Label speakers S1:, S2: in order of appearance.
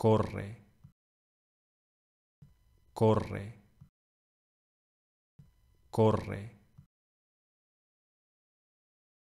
S1: corre, corre, corre.